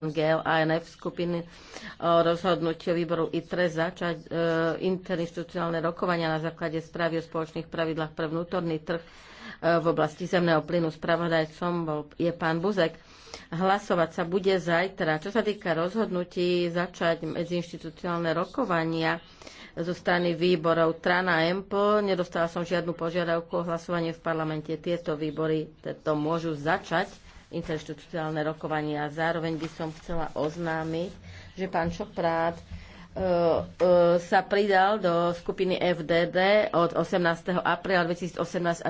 GL ANF skupiny o e, rozhodnutí výboru ITRE začať e, interinstitucionálne rokovania na základe správy o spoločných pravidlách pre vnútorný trh e, v oblasti zemného plynu. Spravodajcom bol, je pán Buzek. Hlasovať sa bude zajtra. Čo sa týka rozhodnutí začať medziinstitucionálne rokovania zo strany výborov Trana a EMPL, nedostala som žiadnu požiadavku o hlasovanie v parlamente. Tieto výbory to môžu začať interinstitucionálne rokovania. Zároveň by som chcela oznámiť, že pán Čoprát e, e, sa pridal do skupiny FDD od 18. apríla 2018